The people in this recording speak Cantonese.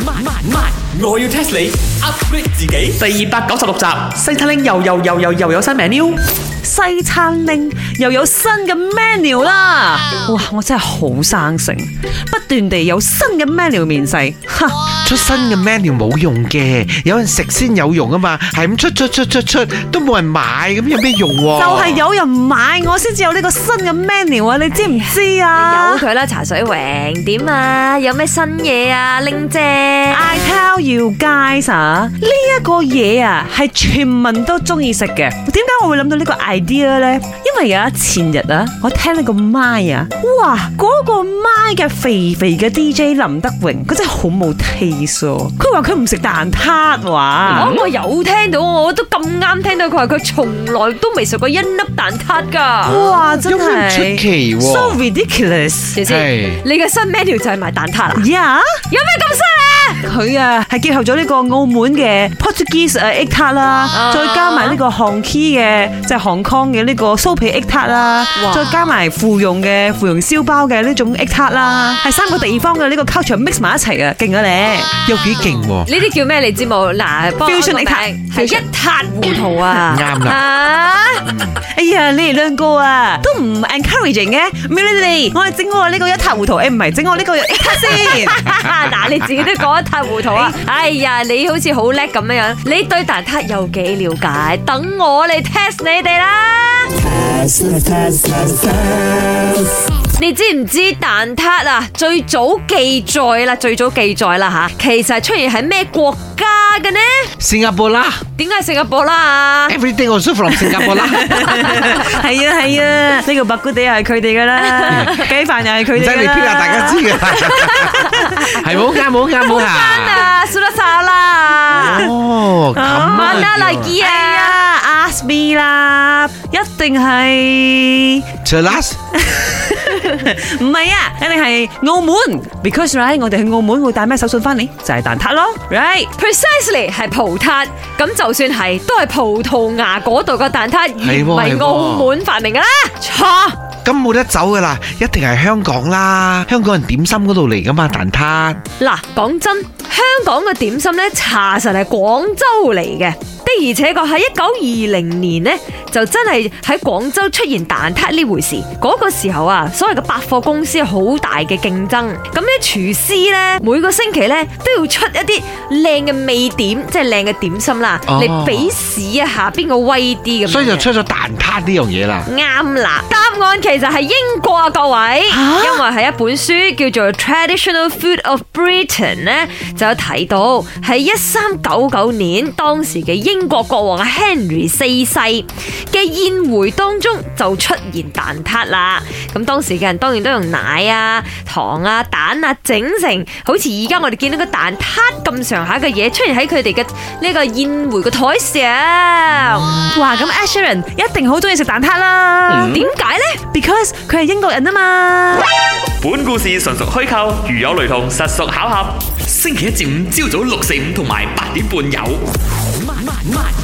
賣賣賣！我要 test 你 upgrade 自己。第二百九十六集，西餐廳又又又又又有新 menu。西餐廳。又有新嘅 menu 啦！Wow. 哇，我真係好生性，不斷地有新嘅 menu 面世。吓 Wow. 哈，出新嘅 menu 冇用嘅，有人食先有用啊嘛。係咁出出出出出,出都冇人買，咁有咩用、啊？就係有人買，我先至有呢個新嘅 menu 啊！你知唔知啊？哎、有佢啦，茶水榮點啊？有咩新嘢啊，玲姐？I tell you guys，呢、啊、一、這個嘢啊係全民都中意食嘅。點解我會諗到呢個 idea 咧？因為啊，前日啊，我聽你、那個麥啊，哇，嗰個麥嘅肥肥嘅 DJ 林德榮，佢真係好冇 taste 佢話佢唔食蛋撻，哇！我有聽到，我都咁啱聽到佢話，佢從來都未食過一粒蛋撻噶，哇真係、唔出奇喎，so ridiculous！李先是，你嘅新 menu 就係賣蛋撻啦呀，Yeah? 有咩咁犀利？佢啊，係結合咗呢個澳門嘅 Portuguese egg tart 啦，再加埋呢個 HK 嘅即係香港嘅呢個酥皮撻啦，再加埋芙蓉嘅芙蓉燒包嘅呢種撻啦，係三個地方嘅呢個 culture mix 埋一齊啊，勁啊你，有幾勁？呢啲叫咩嚟知冇嗱 fusion 係一塌糊塗啊，啱啦。哎呀，你哋兩個啊，都唔 encouraging 嘅，l 你哋，哎，我係整我呢個一塌糊塗，誒唔係，整我呢個一塌先，嗱、 啊、你自己都講一塌糊塗啊，哎呀，你好似好叻咁樣樣，你對蛋撻有幾了解？等我嚟 test 你哋啦。你知唔知蛋撻啊？最早記載啦，最早記載啦吓，其實出現喺咩國家嘅呢？新加坡啦，點解新加坡啦？Everyday I suffer from Singapore，係啊係啊，呢、啊啊這個白果地又係佢哋嘅啦，雞飯又係佢哋。仔即係標下大家知嘅，係冇啱冇啱冇啱。m a n n a s a l、 啊、哦 m a 啦 n a 來嘢啊 a s k m e 啦，一定係， 唔係啊，一定係澳門，because right，我哋去澳門會帶咩手信翻嚟？就係蛋撻咯，right precisely 係葡撻。咁就算係，都係葡萄牙嗰度個蛋撻，唔係澳門發明噶啦。錯，咁冇得走噶啦，一定係香港啦。香港人點心嗰度嚟噶嘛蛋撻。嗱，講真，香港嘅點心咧，查實係廣州嚟嘅，的而且確係一九二零年咧。就真係喺廣州出現蛋撻呢回事，嗰、那個時候啊，所謂嘅百貨公司好大嘅競爭，咁咧廚師呢，每個星期呢都要出一啲靚嘅味點，即係靚嘅點心啦，嚟、哦、比試一下邊個威啲咁。所以就出咗蛋撻呢樣嘢啦。啱啦，答案其實係英國啊，各位，啊、因為係一本書叫做《Traditional Food of Britain》呢，就有提到喺一三九九年，當時嘅英國國王 Henry 四世。嘅宴會當中就出現蛋撻啦，咁當時嘅人當然都用奶啊、糖啊、蛋啊整成，好似而家我哋見到個蛋撻咁上下嘅嘢，出現喺佢哋嘅呢個宴會個台上。哇，咁 Asheran 一定好中意食蛋撻啦，點解、嗯、呢？Because 佢係英國人啊嘛。本故事純屬虛構，如有雷同，實屬巧合。星期一至五朝早六四五同埋八點半有。